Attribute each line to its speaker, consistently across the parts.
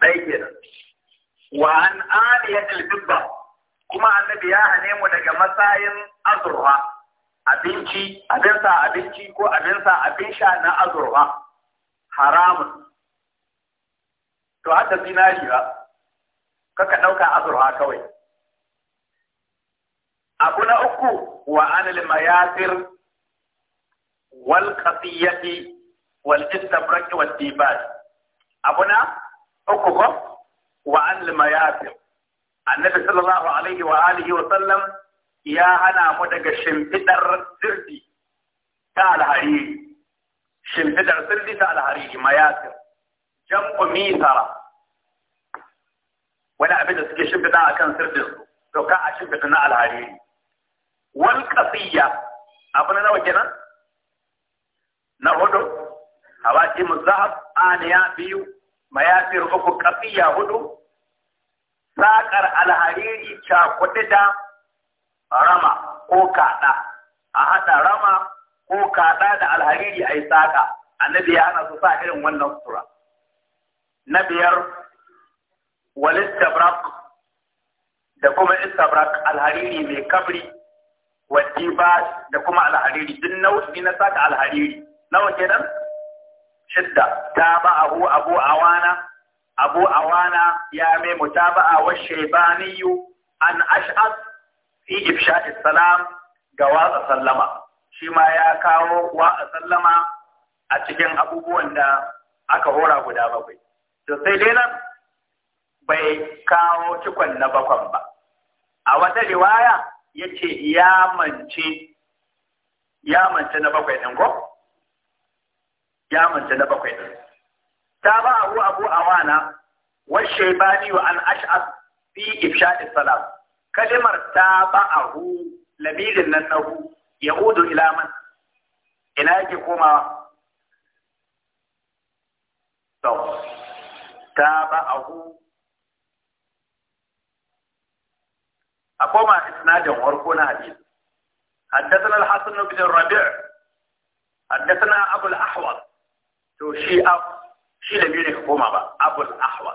Speaker 1: ɗaya wa an ya bibba kuma annabi ya hane mu daga matsayin azurwa. abinci abin sa abinci ko abin sa abin sha na azurwa. haramun to hadda zinari ba kaka ɗauka azurwa kawai abu na uku wa an mayatir wal qatiyati wal istabraq wal dibaj abu na uku ko wa an mayafin annabi sallallahu alaihi wa alihi wa sallam ya hana mu daga shimfidar sirri ta alhariri shimfidar sirri ta alhariri mayafin jam'u misara wani abin da suke shimfida a kan sirrin su to ka a shimfida na alhariri wal qasiyya abu na nawa kenan na hudu hawati muzahab aniya biyu mayafir uku kafiya hudu saƙar alhariri cakuɗi da rama ko kaɗa a haɗa rama ko kaɗa da alhariri a yi saƙa annabi ya hana su sa irin wannan sura na biyar walistabrak da kuma istabrak alhariri mai kabri wa da kuma alhariri duk nau'i na saka alhariri nawa kenan shidda tabahu abu awana abu awana ya mai mutaba'a wa shaybaniyu an ash'ab fi ifsha'i salam ga watsa sallama shi ma ya kawo watsa sallama a cikin abubuwan da aka hora guda bakwai to sai dai nan bai kawo cikon na bakwan ba a wata riwaya yace ya mance ya mance na bakwai ɗin ko ya manta na bakwai din ta ba abu abu awana wa shaybani wa an ash'ab fi ifsha'i salam kalimar ta ba abu labilin nan nahu yaudu ila man ina yake koma to ta ba abu a koma isnadin farko na hadisi حدثنا الحسن بن الربيع حدثنا أبو الأحوص to shi shi da biyu ka koma ba abul ahwa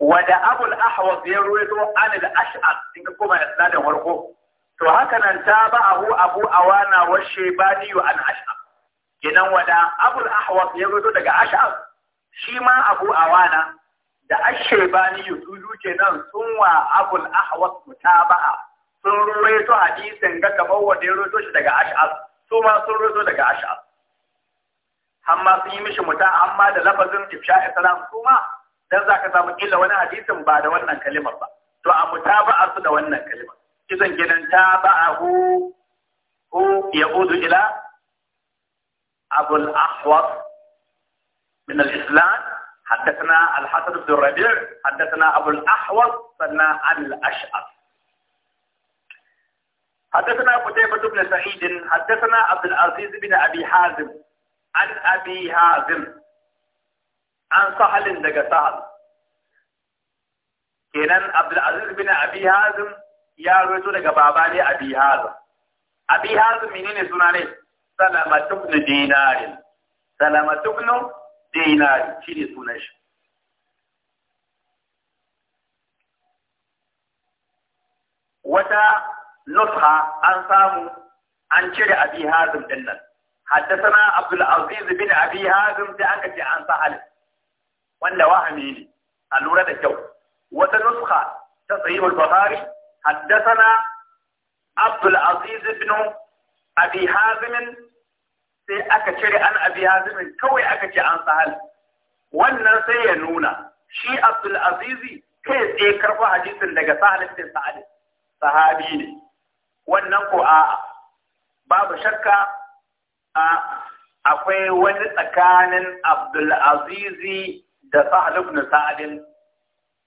Speaker 1: wada abul ahwa ya ruwaito an al ash'ab in ka koma isnadin warko to haka nan ta ba abu awana wa shaybani an ash'ab kenan wada abul ahwa ya ruwaito daga ash'ab shi ma abu awana da ashebani yuzu nan sun wa abul ahwa mutaba'a sun ruwaito hadisin ga kamar da ya ruwaito shi daga ash'ab su ma sun ruwaito daga ash'ab amma sun yi mishi muta amma da lafazin ifsha'i salam kuma dan zaka samu kila wani hadisin ba da wannan kalimar ba to a mutaba'a su da wannan kalimar kisan gidan taba'ahu hu yaudu ila abul ahwas min al-islam حدثنا الحسن بن الربيع حدثنا أبو الأحوص سنا عن الأشعث حدثنا قتيبة بن سعيد حدثنا عبد العزيز بن أبي حازم an abi hazim an sahalin daga sahal kenan abdulaziz bin abi hazim ya roto daga baba ne abi hazim abi hazim menene suna ne salamatu ibn dinarin salamatu ibn shi ne sunan shi wata nusha an samu an cire abi hazim din nan حدثنا عبد العزيز بن ابي هازم sai aka ce an sahal wanda wahami ne a lura da kyau wata nuskha ta sahih al-bukhari حدثنا عبد العزيز بن ابي هازم sai aka cire an abi hazimin kawai aka ce an sahal wannan sai ya nuna shi abdul azizi kai tsaye karfa hadisin daga sahal ibn sahabi ne wannan ko a babu shakka akwai wani tsakanin Abdulazizi da Sa'ad ibn Sa'adin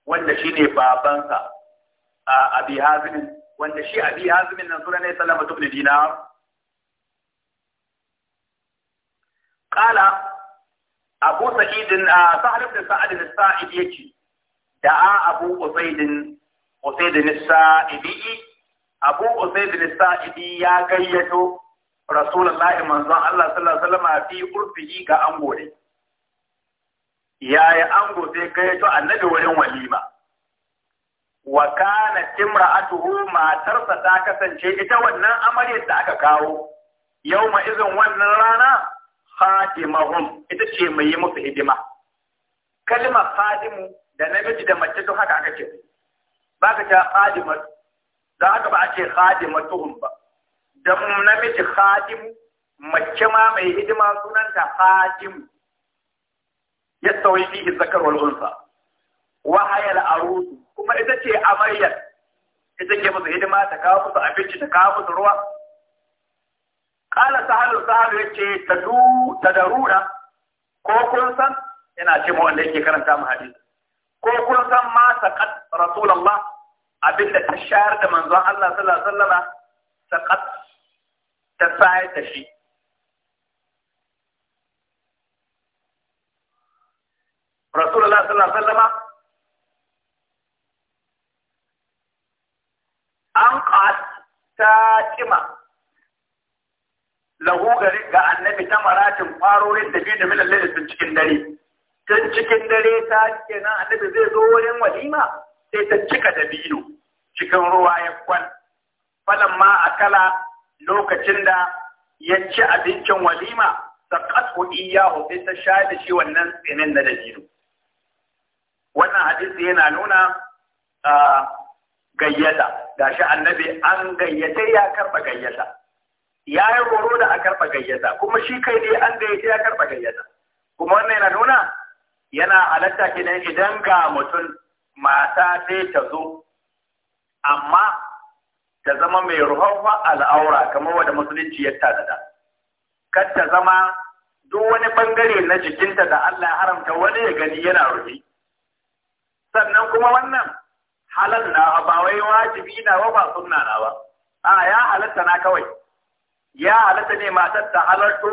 Speaker 1: wanda shi ne babansa a Abi Hazim wanda shi Abi Hazim nan sura ne sallama ibn dina kala Abu Sa'id Sa'ad ibn Sa'ad al-Sa'id yake da Abu Usaid Usaid al-Sa'idi Abu Usaid al-Sa'idi ya gayyato rasulullahi manzon Allah sallallahu alaihi wasallam fi urfihi ga ango yaya ango sai kai to annabi wurin walima wa kana timra'atuhu matarsa ta kasance ita wannan amaryar da aka kawo Yau ma izin wannan rana khadimahum ita ce mai yi musu hidima kalma khadimu da namiji da mace to haka aka ce ba ka ta khadimatu da haka ba a ce khadimatuhum ba da namiji khadim mace ma mai hidima sunanta ya yastawi fihi zakar wal unsa wa hayal arus kuma ita ce amaryar ita ke musu hidima ta kawo musu abinci ta kawo musu ruwa qala sahalu sahalu yace tadu tadaruna ko kun san Ina ce mu wanda yake karanta mu hadisi ko kun san ma saqat rasulullah abinda ta shayar da manzon Allah sallallahu alaihi wasallama saqat ta sayar da shi rasulullah sallallahu alaihi an ta kima lahu ga annabi ta maratin kwarorin da biyu da milan lalisun cikin dare tun cikin dare ta kenan annabi zai zo wurin walima sai ta cika da biyu cikin ruwa ya kwan falan ma kala. lokacin da ya ci abincin walima kasu iya hobe ta sha da shi wannan tsinin da dabino wannan hadisi yana nuna gayyata shi annabi an gayyata ya karɓa gayyata ya yi horo da a karɓa gayyata kuma shi kai ne an gayyata ya karɓa gayyata kuma wannan yana nuna yana halatta kenan idan ga mutum mata sai ta zo amma ta zama mai ruhawar al'aura kamar wadda musulunci ya tada kar ta zama duk wani bangare na jikinta da Allah ya haramta wani ya gani yana rufe sannan kuma wannan halal na ba wai wajibi na ba ba sunna na ba a ya halatta na kawai ya halatta ne matar ta halarto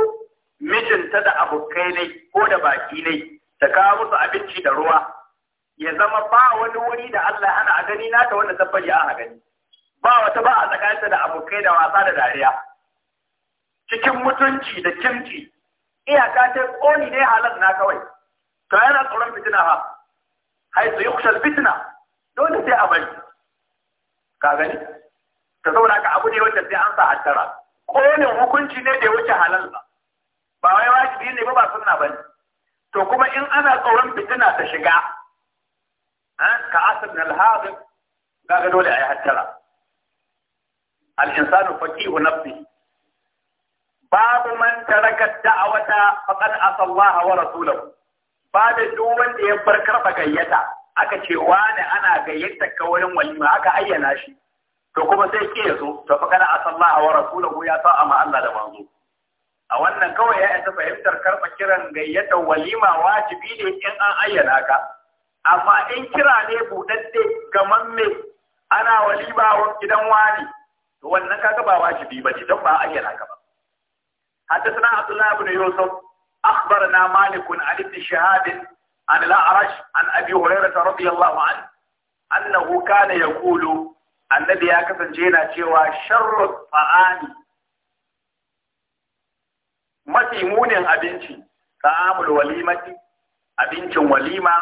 Speaker 1: mijinta da abokai ne ko da baki ne ta kawo musu abinci da ruwa ya zama ba wani wuri da Allah hana a gani na ta wanda tabbali a gani ba wata ba a tsakaninta da abokai da wasa da dariya cikin mutunci da kimci iyaka ta koni ne halar na kawai to yana tsoron fitina ha yi yukhshal fitina dole sai a bari ka gani ka zauna ka abu ne wanda sai an sa hattara konin hukunci ne da ya wuce halal ba ba wai wajibi ne ba ba sunna bane to kuma in ana tsoron fitina ta shiga eh, ka asir na alhazin ga dole a yi hattara al-insanu faqihu nafsihi babu man taraka a wata asa Allah wa rasulahu babu duk wanda ya bar karba gayyata aka ce wani ana gayyatar ka wurin walima aka ayyana shi to kuma sai ke zo to faqad asa Allah wa ya sa amma Allah da manzo a wannan kawai ya isa fahimtar karba kiran gayyatar walima wajibi ne in an ayyana ka amma in kira ne budadde gaman me ana walima gidan wani wannan kaga ba wajibi ba ce don ba a yana ka ba. Hatta suna a Yusuf, akbar na malikun a ibn shahadin an la'arash an abi hurera ta rabi Allah wa'an. Annahu kana ya annabi ya kasance yana cewa sharrar fa'ani. Mafi munin abinci, ta'amul walimati, abincin walima,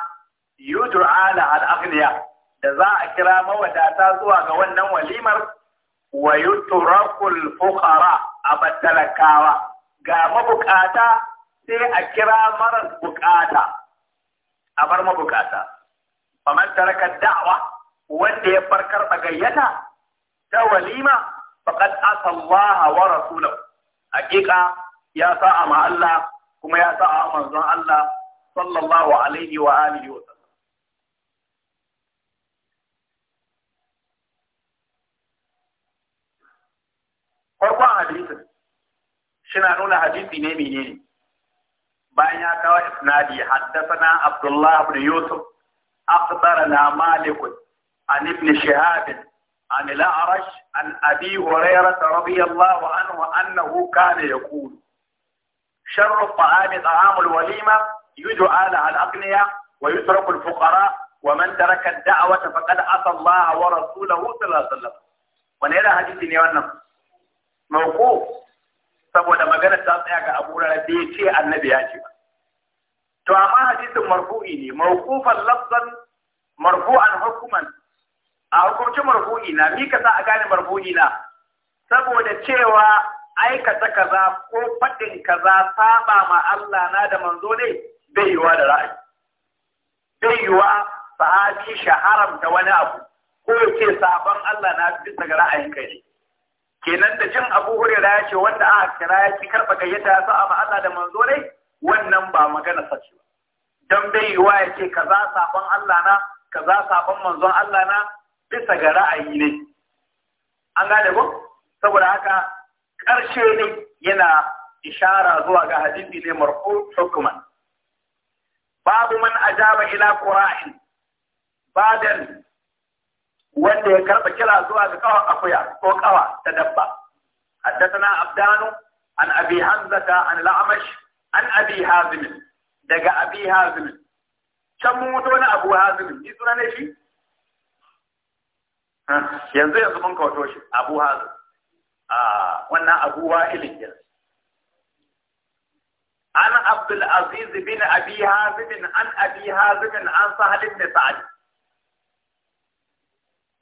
Speaker 1: yudur ala al'afiniya, da za a kira mawadata zuwa ga wannan walimar wa yutrakul fuqara a talakawa. ga mabukata sai a kira marar bukata a bar mabukata faman taraka da'wa wanda ya farkar gayyata? ta walima faqad asa Allah wa rasulahu hakika ya sa'a ma Allah kuma ya sa'a manzon Allah sallallahu alaihi wa farkon hadisin shina nuna hadithi ne menene bayan ya kawo isnadi haddathana abdullah ibn yusuf akhbarana malik an ibn shihab an al arash an abi hurairah radiyallahu anhu annahu kana yaqul شر الطعام طعام الوليمة يدعى لها الأغنياء ويترك الفقراء ومن ترك الدعوة فقد عصى الله ورسوله صلى الله عليه وسلم. ونرى حديث نيوانا mauko saboda magana ta tsaya ga Abu da ya ce annabi ya ce ba to amma hadisin marfu'i ne mawqufan lafzan marfu'an hukuman a hukumci marfu'i na mi ka sa a gane marfu'i na saboda cewa aikata kaza ko faɗin kaza saba ma Allah na da manzo ne bai yiwa da ra'ayi bai yiwa sahabi da wani abu ko ya ce saban Allah na bisa ga ra'ayin kai ne kenan da jin abu hurera ya ce wanda aka kira ya ci karɓa gayyata ya sa'a ma Allah da manzo ne wannan ba magana sace ba dan bai yiwa ya ce kaza sabon Allah na kaza sabon manzon Allah na bisa ga ra'ayi ne an gane ko saboda haka karshe ne yana ishara zuwa ga hadisi ne marfu hukuman babu man ajaba ila qura'in badan wanda ya karɓa kira zuwa ga kawa akuya ko kawa ta dabba haddathana abdanu an abi hamzata an la'amash an abi hazim daga abi hazim can mun wato wani abu hazim shi suna ne shi yanzu yanzu mun kawato shi abu hazim a ah, wannan abu wa'ilin yanzu An Abdul Aziz bin abi Hazim an abi Hazim an sahalin ne sa'ad.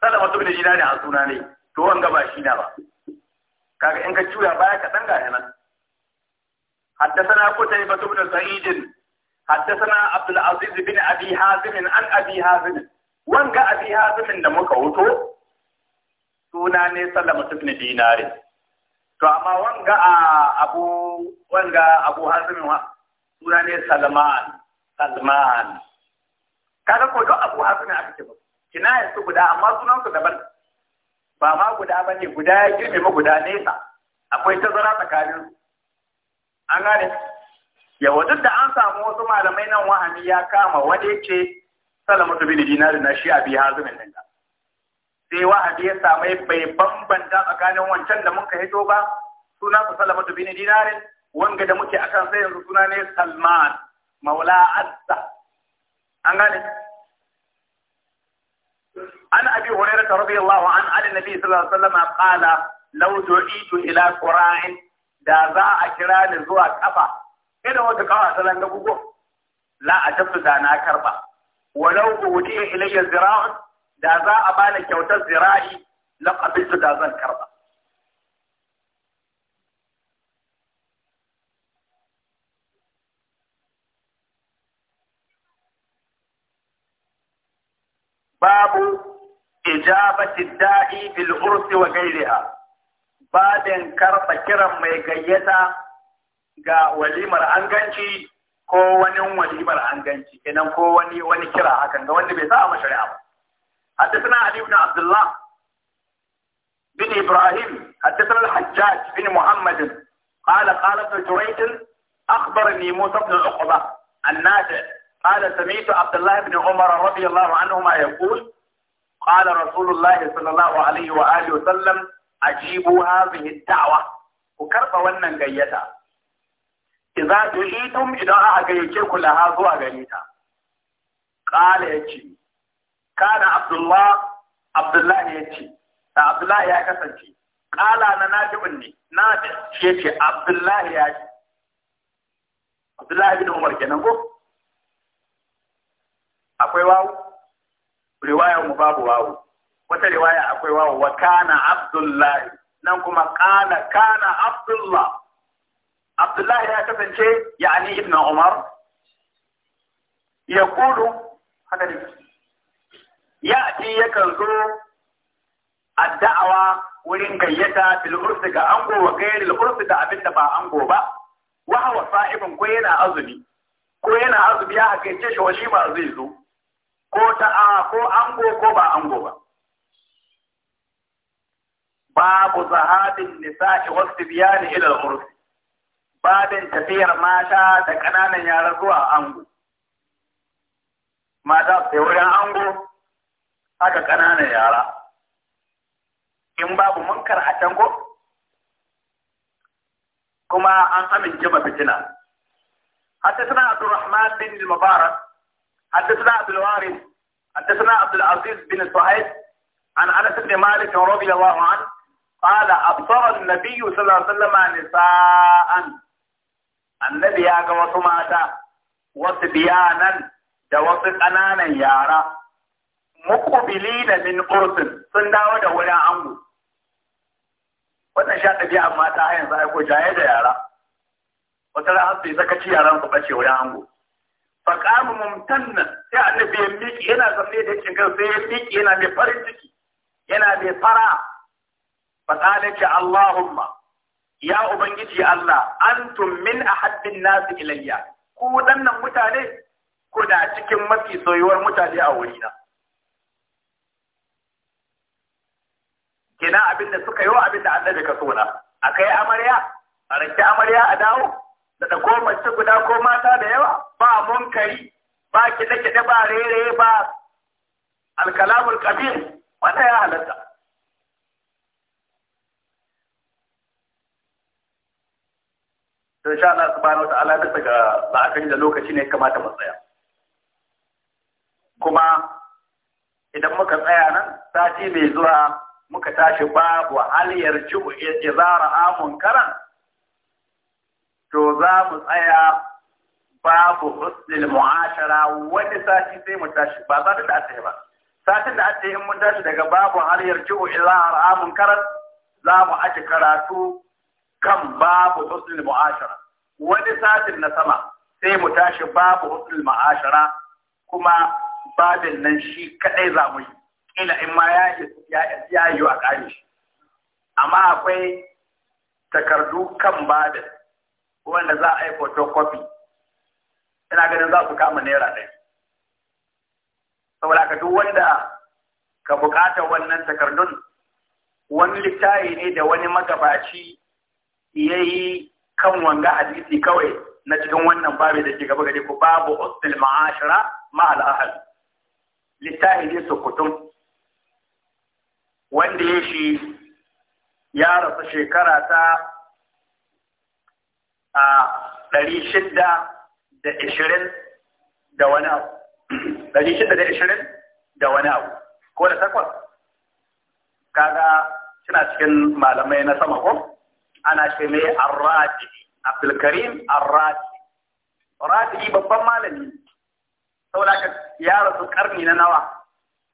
Speaker 1: sallah masu da jina ne a suna ne to an gaba shi na ba kaga in ka cuya baya ka danga ya nan haddathana kutay batum da sa'id haddathana abdul aziz bin abi hazim an abi hazim wanga abi hazim da muka wuto suna ne sallah masu da jina ne to amma wanga abu wanga abu hazim wa suna ne salman salman kaga ko do abu hazim a cikin kinayar su guda amma sunansu daban ba ma guda ba ne guda ya ma guda nesa akwai tazara tsakanin an gane yawa duk da an samu wasu malamai nan wahani ya kama wani salama su bin dinarin na shi abi hazumin nan sai wahabi ya samu bai bambanta tsakanin wancan da muka hito ba suna su salamatu bin dinarin wanga da muke akan sai yanzu suna ne salman maula azza an gane an abi hurairah radiyallahu an an nabi sallallahu alaihi wasallam qala law du'itu ila qura'in da za a kira ni zuwa kafa kada wata kawa salan ga gugu la ajabtu da na karba walau udiya ilayya zira'un da za a bani kyautar zira'i la qabiltu da zan babu إجابة الداعي في الغرس وغيرها بعد كرب كرم ميقيتا جا وليمر anganci ko wani walimar anganci kenan ko كوني wani kira hakan ga wanda حدثنا علي بن عبد الله بن ابراهيم حدثنا الحجاج بن محمد قال قال ابن جريج اخبرني موسى بن عقبه النافع قال سمعت عبد الله بن عمر رضي الله عنهما يقول Wa da rasulallah sall alahu alayhi wa alihi wa sallam ajibo haɗu wannan gayyata. Iza biyu e tun idan aka gaiyake kulawa zuwa gareta. Qala ya ci. Ka na Abdullahi ya ce, na Abdullahi ya kasance. Ƙala na nafe wanne nafe ce ce Abdullahi ya ce. Abdullahi ne Umar ganin bo? Akwai wawu? riwayar mu babu wawo wata riwaya akwai wawo wa kana abdullahi nan kuma kana kana abdullah abdullahi ya kasance yani ibn umar ya kudu haka ne ya ji yakan zo da'awa wurin gayyata fil ursi ga ango wa gairil ursi da abinda ba ango ba wa hawa sa'ibin ko yana azumi ko yana azumi ya haka shi wa shi ba zai zo ko ta a ko ango ko ba ango ba babu zahabin nisa'i wasu biyani ilal urfi babin tafiyar mata da ƙananan yara zuwa ango mata sai wurin ango haka ƙananan yara in babu munkar a can kuma an amince ma fitina حدثنا عبد الرحمن bin mubarak حدثنا عبد الوارث حدثنا عبد العزيز بن سعيد عن انس بن مالك رضي الله عنه قال ابصر النبي صلى الله عليه وسلم نساء النبي يا جوسماتا وصبيانا جوس انانا يارا مقبلين من قرطن سنة ودا ولا عمو wannan sha tafiya amma ta hanyar zai ko jaye da yara wata rahabbi zaka ci yaran ku bace wurin ango faƙamu mumtanna sai annabi ya miki yana zaune da cikin gan sai ya miki yana mai farin ciki yana mai fara fa ki allahumma ya ubangiji allah antum min ahabbin nasi ilayya ku wadannan mutane ku da cikin mafi soyuwar mutane a wurina kina abinda suka yi wa abinda annabi ka so na akai amarya a rake amarya a dawo da ko mace guda ko mata da yawa ba munkari ba kiɗe-kiɗe ba rere ba alkalamul kabir wanda ya halatta Sun sha Allah su wa ta'ala alaƙa daga la'akari da lokaci ne kamata mu tsaya kuma idan muka tsaya nan sati mai zuwa muka tashi babu haliyar ya izara amun karan to za mu tsaya babu husnul mu'ashara wani sati sai mu tashi ba satin da aka ba satin da aka in mun tashi daga babu har yarji'u ila haramun karat za mu aji karatu kan babu husnul mu'ashara wani satin na sama sai mu tashi babu husnul mu'ashara kuma babin nan shi kadai za mu yi kila in ma ya yi a kare shi amma akwai takardu kan babin wanda za a yi photocopy ina ganin za su kama naira ɗaya saboda ka wanda ka bukata wannan takardun wani littafi ne da wani magabaci ya yi kan wanga hadisi kawai na cikin wannan babu da ke gaba gari, ku babu usul ma'ashira ma'al ahal littafi ne su kutum. wanda ya shi ya rasu shekara ta a ɗari shidda da ishirin da wani abu ɗari shidda da ishirin da wani abu ko da takwas kaga suna cikin malamai na sama ko ana ce mai arraji abdulkarim arraji raji babban malami saboda ya rasu karni na nawa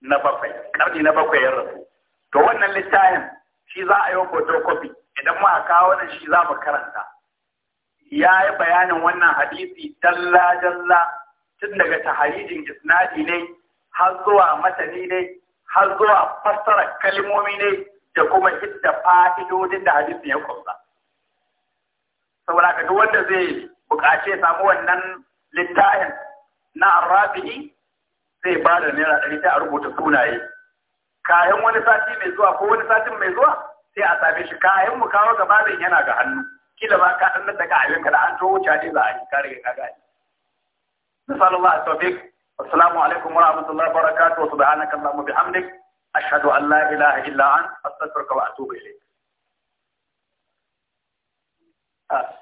Speaker 1: na bakwai karni na bakwai ya rasu to wannan littafin shi za a yi wa photocopy idan mu a kawo nan shi za mu karanta ya yi bayanin wannan hadisi dalla dalla tun daga taharijin isnadi ne har zuwa matani ne har zuwa fassara kalmomi ne da kuma hidda fa'idodin da hadisin ya kunsa saboda ka duk wanda zai buƙace samu wannan littafin na arrafi zai ba da naira ɗari ta rubuta sunaye kayan wani sati mai zuwa ko wani satin mai zuwa sai a same shi kayan mu kawo gaba yana ga hannu kila ba ka san daga abin ka da an to wuce ne za a yi kare ka gani misalin Allah tawfik assalamu alaikum wa rahmatullahi wa barakatuh subhanaka allahumma bihamdik ashhadu an la ilaha illa ant astaghfiruka wa atubu ilayk Yes. Uh. Ah,